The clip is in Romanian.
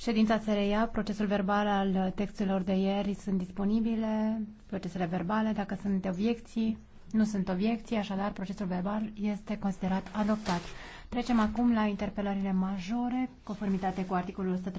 Ședința se reia, procesul verbal al textelor de ieri sunt disponibile, procesele verbale, dacă sunt obiecții, nu sunt obiecții, așadar procesul verbal este considerat adoptat. Trecem acum la interpelările majore, conformitate cu articolul 100.